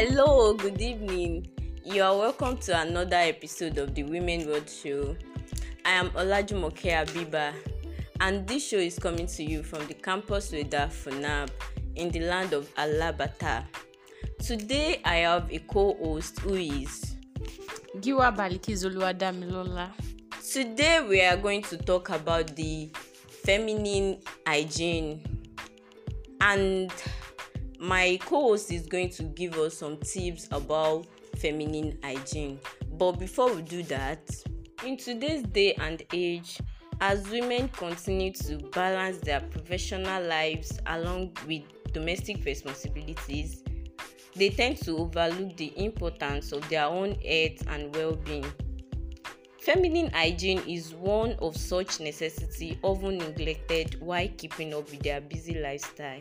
Hello, good evening. You are welcome to another episode of the Women World Show. I am Olajumoke Abiba, and this show is coming to you from the campus Weda Funab in the land of Alabata. Today, I have a co-host who is Giwa Balikizoluwadamilola. Today, we are going to talk about the feminine hygiene and my co-host is going to give us some tips about feminine hygiene but before we do that in today's day and age as women continue to balance their professional lives along with domestic responsibilities they tend to overlook the importance of their own health and well-being feminine hygiene is one of such necessity often neglected while keeping up with their busy lifestyle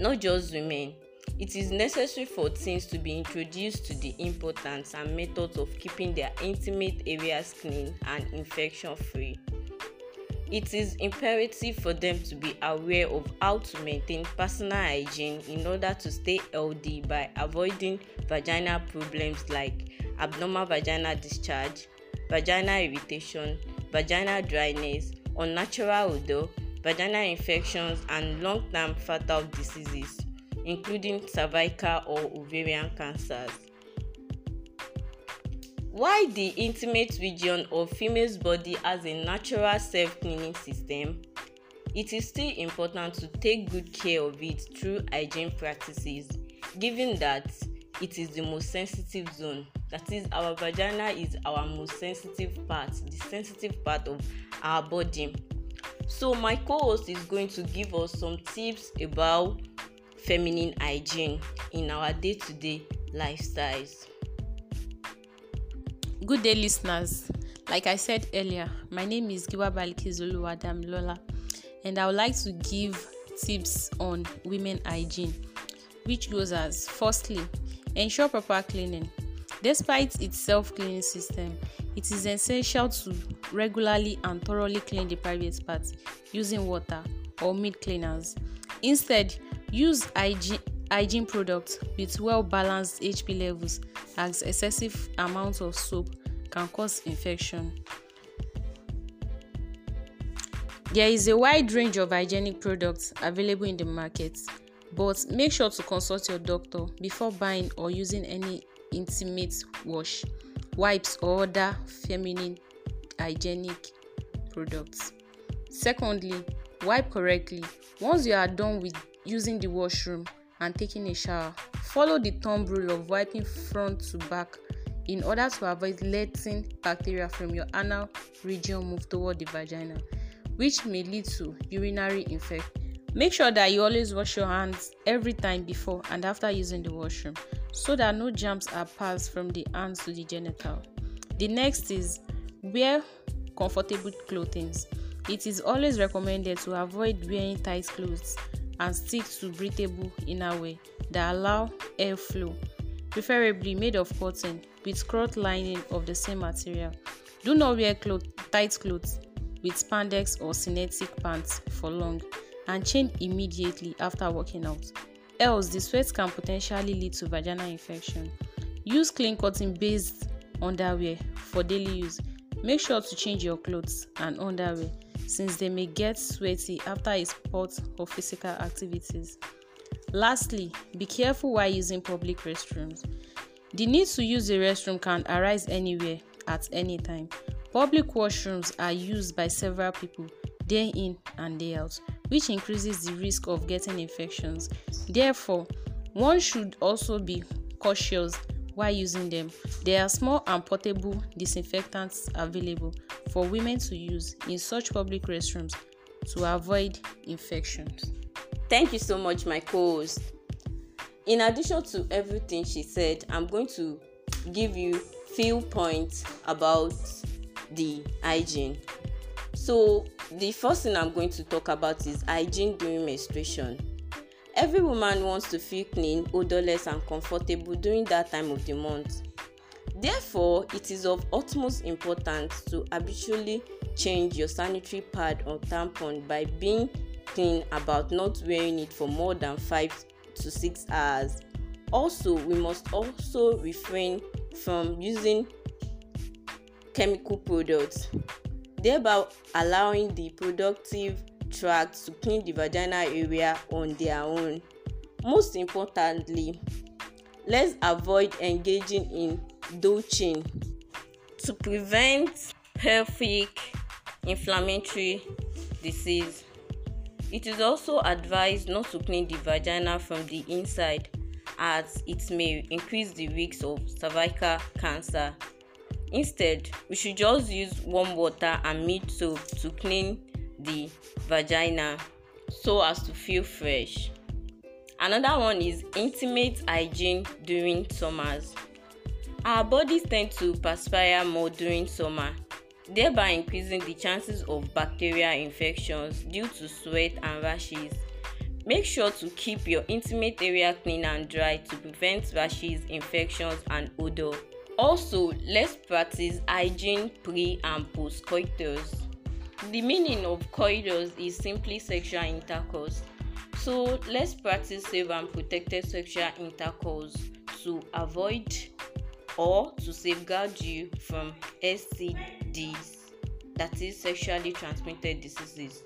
not just women it is necessary for teens to be introduced to the importance and methods of keeping their intimate areas clean and infection free it is imperative for them to be aware of how to maintain personal hygiene in order to stay healthy by avoiding vaginal problems like abnormal vaginal discharge vaginal irritation vaginal dryness unnatural odor vaginal infections, and long term fatal diseases, including cervical or ovarian cancers. While the intimate region of female's body has a natural self-cleaning system, it is still important to take good care of it through hygiene practices, given that it is the most sensitive zone. That is, our vagina is our most sensitive part, the sensitive part of our body. So, my co host is going to give us some tips about feminine hygiene in our day to day lifestyles. Good day, listeners. Like I said earlier, my name is Giwa Balikizulu Adam Lola, and I would like to give tips on women hygiene, which goes as firstly, ensure proper cleaning. Despite its self cleaning system, it is essential to regularly and thoroughly clean the private parts using water or meat cleaners. Instead, use hygiene, products with well balanced HP levels as excessive amounts of soap can cause infection. There is a wide range of hygienic products available in the market, but make sure to consult your doctor before buying or using any intimate wash, wipes, or other feminine hygienic products. Secondly, wipe correctly. Once you are done with using the washroom and taking a shower, follow the thumb rule of wiping front to back in order to avoid letting bacteria from your anal region move toward the vagina, which may lead to urinary infection. Make sure that you always wash your hands every time before and after using the washroom so that no germs are passed from the hands to the genital. The next is Wear comfortable clothing. It is always recommended to avoid wearing tight clothes and stick to breathable innerwear that allow airflow, preferably made of cotton with cloth lining of the same material. Do not wear tight clothes with spandex or synthetic pants for long and change immediately after working out. Else, the sweat can potentially lead to vaginal infection. Use clean cotton based underwear for daily use Make sure to change your clothes and underwear since they may get sweaty after a sport or physical activities. Lastly, be careful while using public restrooms. The need to use the restroom can arise anywhere at any time. Public washrooms are used by several people day in and day out, which increases the risk of getting infections. Therefore, one should also be cautious while using them. There are small and portable disinfectants available for women to use in such public restrooms to avoid infections. Thank you so much, my co host. In addition to everything she said, I'm going to give you few points about the hygiene. So, the first thing I'm going to talk about is hygiene during menstruation Every woman wants to feel clean, odorless, and comfortable during that time of the month. Therefore, it is of utmost importance to habitually change your sanitary pad or tampon by being clean about not wearing it for more than 5 to 6 hours. Also, we must also refrain from using chemical products, thereby allowing the productive tract to clean the vaginal area on their own. Most importantly, let's avoid engaging in douching to prevent pelvic inflammatory disease. It is also advised not to clean the vagina from the inside as it may increase the risk of cervical cancer. Instead, we should just use warm water and meat soap to clean the vagina so as to feel fresh. Another one is intimate hygiene during summers. Our bodies tend to perspire more during summer, thereby increasing the chances of bacterial infections due to sweat and rashes. Make sure to keep your intimate area clean and dry to prevent rashes, infections, and odor. Also, let's practice hygiene pre and post coitus. The meaning of coitus is simply sexual intercourse. So let's practice safe and protected sexual intercourse to avoid or to safeguard you from STDs, that is, sexually transmitted diseases.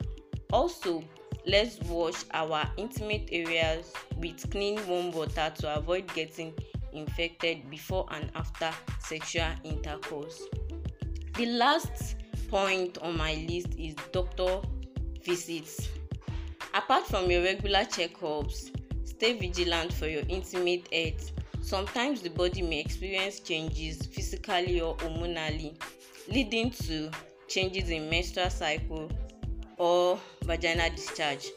Also, let's wash our intimate areas with clean warm water to avoid getting infected before and after sexual intercourse. The last point on my list is doctor visits. Apart from your regular checkups, stay vigilant for your intimate health. Sometimes the body may experience changes physically or hormonally, leading to changes in menstrual cycle or vaginal discharge.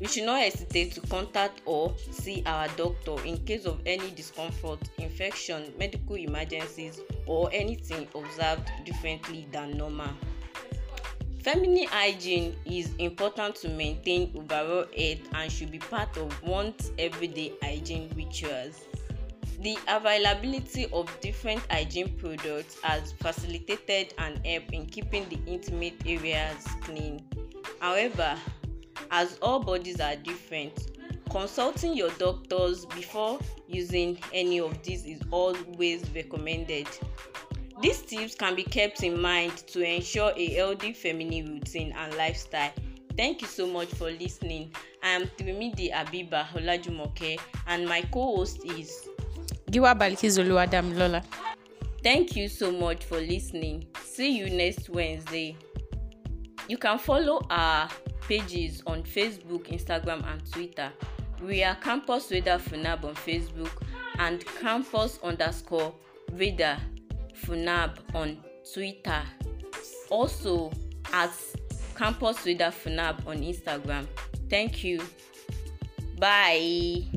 You should not hesitate to contact or see our doctor in case of any discomfort infection medical emergencies or anything observed differently than normal. Feminine hygiene is important to maintain overall health and should be part of one's everyday hygiene rituals. The availability of different hygiene products has facilitated and helped in keeping the intimate areas clean. However, as all bodies are different consulting your doctors before using any of these is always recommended these tips can be kept in mind to ensure a healthy feminine routine and lifestyle thank you so much for listening i am trimidi abiba olajumoke and my co-host is giwa adam lola. thank you so much for listening see you next wednesday you can follow our pages on Facebook, Instagram, and Twitter. We are Campus Radar Funab on Facebook and Campus underscore Radar Funab on Twitter. Also at Campus Radar Funab on Instagram. Thank you. Bye.